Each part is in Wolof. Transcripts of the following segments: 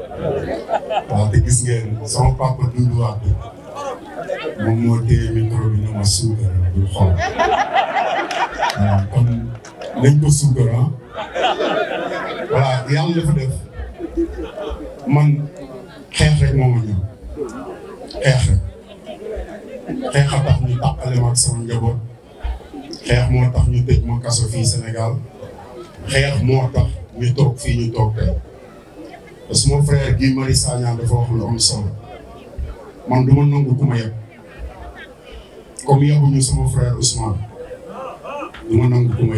waaw te gis ngeen sama papa Doudou Wade moom moo téye micro bi na ma suukar nañ ko suukar ah voilà yàlla dafa def man xeex rek moo ma ñëw xeex rek xeex a tax ñu tàqale ma sama njaboot xeex moo tax ñu tëj ma kaso fii Sénégal xeex moo tax ñu toog fii ñu toog suma frère Guy Marius Sagna dafa wax lu am man du ma nangu ku ma yab comme suma frère Ousmane du ma nangu ku moo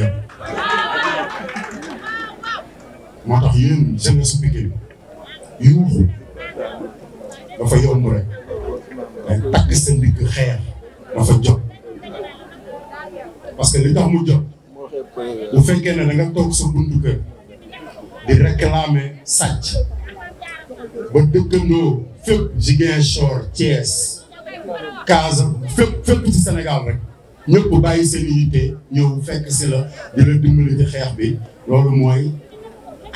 tax yéen jeunesse Pikine yuuxu dafa yomb rek takk sa ndigg xeer dafa jot parce que li tax mu jot bu fekkee ne da toog sa buntu di réclamer sàcc ba dëkkandoo fépp Ziguinchor Thiès Casa fépp fépp ci Sénégal rek ñëpp bàyyi seen unité ñëw fekk si la di la dimbali xeex bi loolu mooy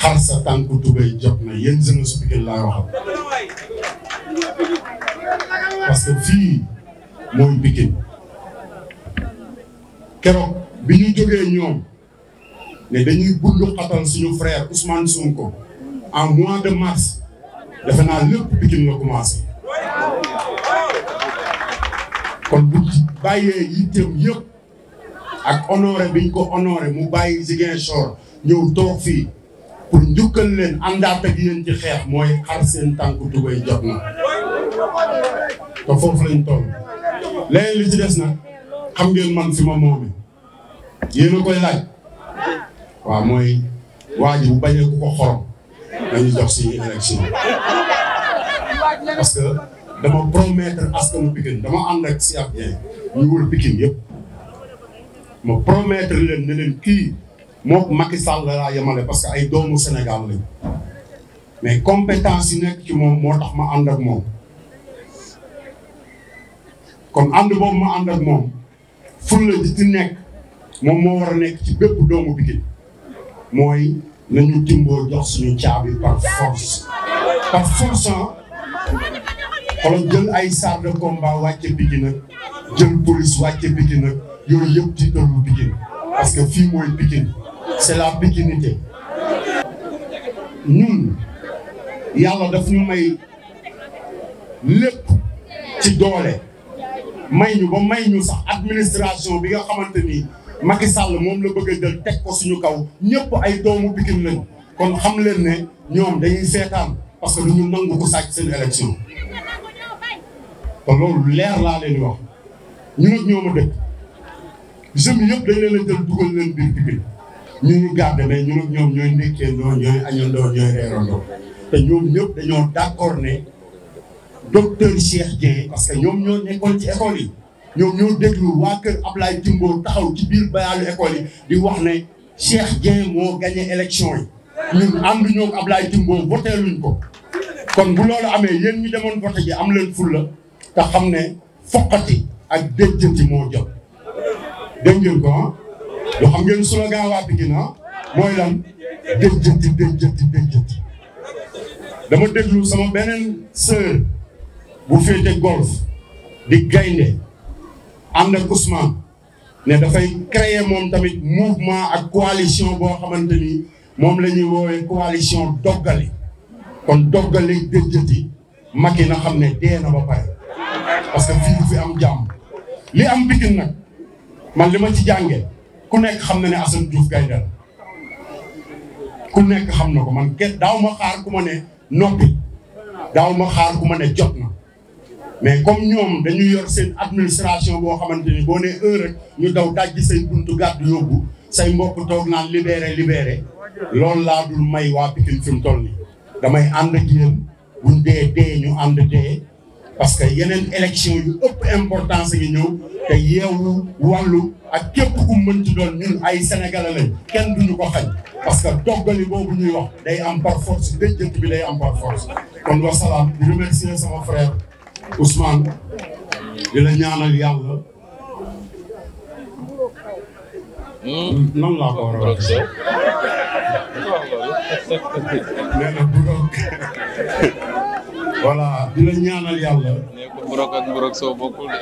xar sa tànku tubéy jot na yéen jeunesse Pikine laay waxal parce que fii mooy Pikine keroog bi ñu jógee ñoom ne dañuy bundu xatal suñu frère Ousmane Sonko en mois de mars defe naa lépp Pikine la kon bu bàyyee yitteem yëpp ak honoré biñ ko honoré mu bàyyi Ziguinchor ñëw toog fii pour njukkal leen àndaat ak yéen ci xeex mooy xar seen tànk dugay jot na te foofu lañ toll leneen li ci des nag xam ngeen man fi ma moome yéen koy laaj waaw mooy waa ji bu bañee ku ko xorom nañu jox suñu parce que dama promettre askanu Pikine dama ànd ak Cheikh Dieng ñu wër Pikine yëpp ma promettre leen ne leen kii mook Macky Sall laa yemale parce que ay doomu Sénégal lañ mais compétence nekk ci moom moo tax ma ànd ak moom kon ànd boobu ma ànd ak moom fulla ji ci nekk moom moo war a nekk ci bépp doomu Pikine mooy nañu timboo jox suñu caabi par force par force ah. xoolal gën ay chars de combat wàcce bi nag jël police wàcce bi nag yooyu yëpp ci tëllu Pikine parce que fii mooy Pikine c'est la pikinité ñun yàlla daf ñu may lépp ci doole may ñu ba may ñu sax administration bi nga xamante ni Macky Sall moom la bëgg a jël teg ko suñu kaw ñëpp ay doomu Pikine lañ kon xam leen ne ñoom dañuy seetaan parce que du ñu nangu ko sàcc seen élection te loolu leer laa leen di wax ñu nag ñoo ma dëkk jeunes yëpp dañ leen ñoom ñooy ndékkeendoo ñooy añandoo ñooy reerandoo te ñoom ñëpp dañoo d'accord ne docteur Cheikh Dieng parce que ñoom ñoo nekkoon ci école yi ñoom ñoo déglu waa kër Ablaye Timbo taxaw ci biir bayaalu école yi di wax ne Cheikh Dieng moo gagné élection yi ñun ànd ñoo Ablaye Timbo voté luñ ko kon bu loolu amee yéen ñu demoon voté ji am leen fulla te xam ne foqati ak déjjanti moo jot dégg ngeen ko ah yoo xam ngeen slogan waa Pikine ah mooy lan déjjanti déjjanti déjjanti dama déglu sama beneen sœur bu féete golf di gaynde am na Ousmane ne dafay créer moom tamit mouvement ak coalition boo xamante ni moom lañuy ñuy woowee coalition doggali kon doggali déjjati Macky na xam ne dee na ba pare parce que fii fi am jàmm li am Pikine nag man li ma ci jànge ku nekk xam na ne Assane Diouf Gaye ku nekk xam na ko man kenn daaw ma xaar ku ma ne noppi daaw ma xaar ku ma ne jot na mais comme ñoom dañuy yor seen administration boo xamante ni boo ne heure rek ñu daw dajji seen buntu gàddu yóbbu say mbokk toog naan libéré libéré loolu laa dul may waa Pikine fi mu toll nii damay ànd ak yéen buñ dee dee ñu am ànd dee parce que yeneen élection yu ëpp importance ngi ñëw te yeewu wàllu ak képp um mën ci doon ñun ay sénégalais kenn duñu ko xañ parce que doggali boobu ñuy wax day am par force bi day am par force kon wasalaam di Ousmane di la ñaanal yàlla. nan laa ko war a waxee. nee na burok. voilà di la ñaanal yàlla. nee ko burok ak burok soo bokkul de.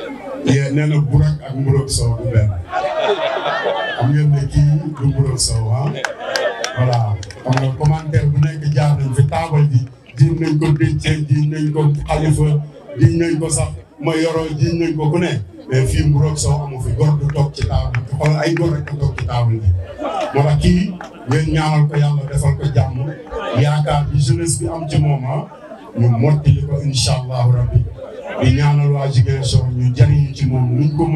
yee nee na burok ak burok soo du benn. am ngeen ne kii du burok soo ah. voilà xam nga commentaire bu nekk jaar nañ fi taabal ji. ji nañ ko décce ji nañ ko xalifa. jiñ ko sax ma yoroo jiñ nañ ko ku ne mais fii mburoog soo amu fi góor du toog ci table bi xool ay góor rek du toog ci table bi moo tax kii ngeen ñaanal ko yàlla defal ko jàmm yaakaar bi jeunesse am ci moment ah, ñu mottali ko incha allahu rabbi di ñaanal waa ñu jariñu ci moom nuñ ko mën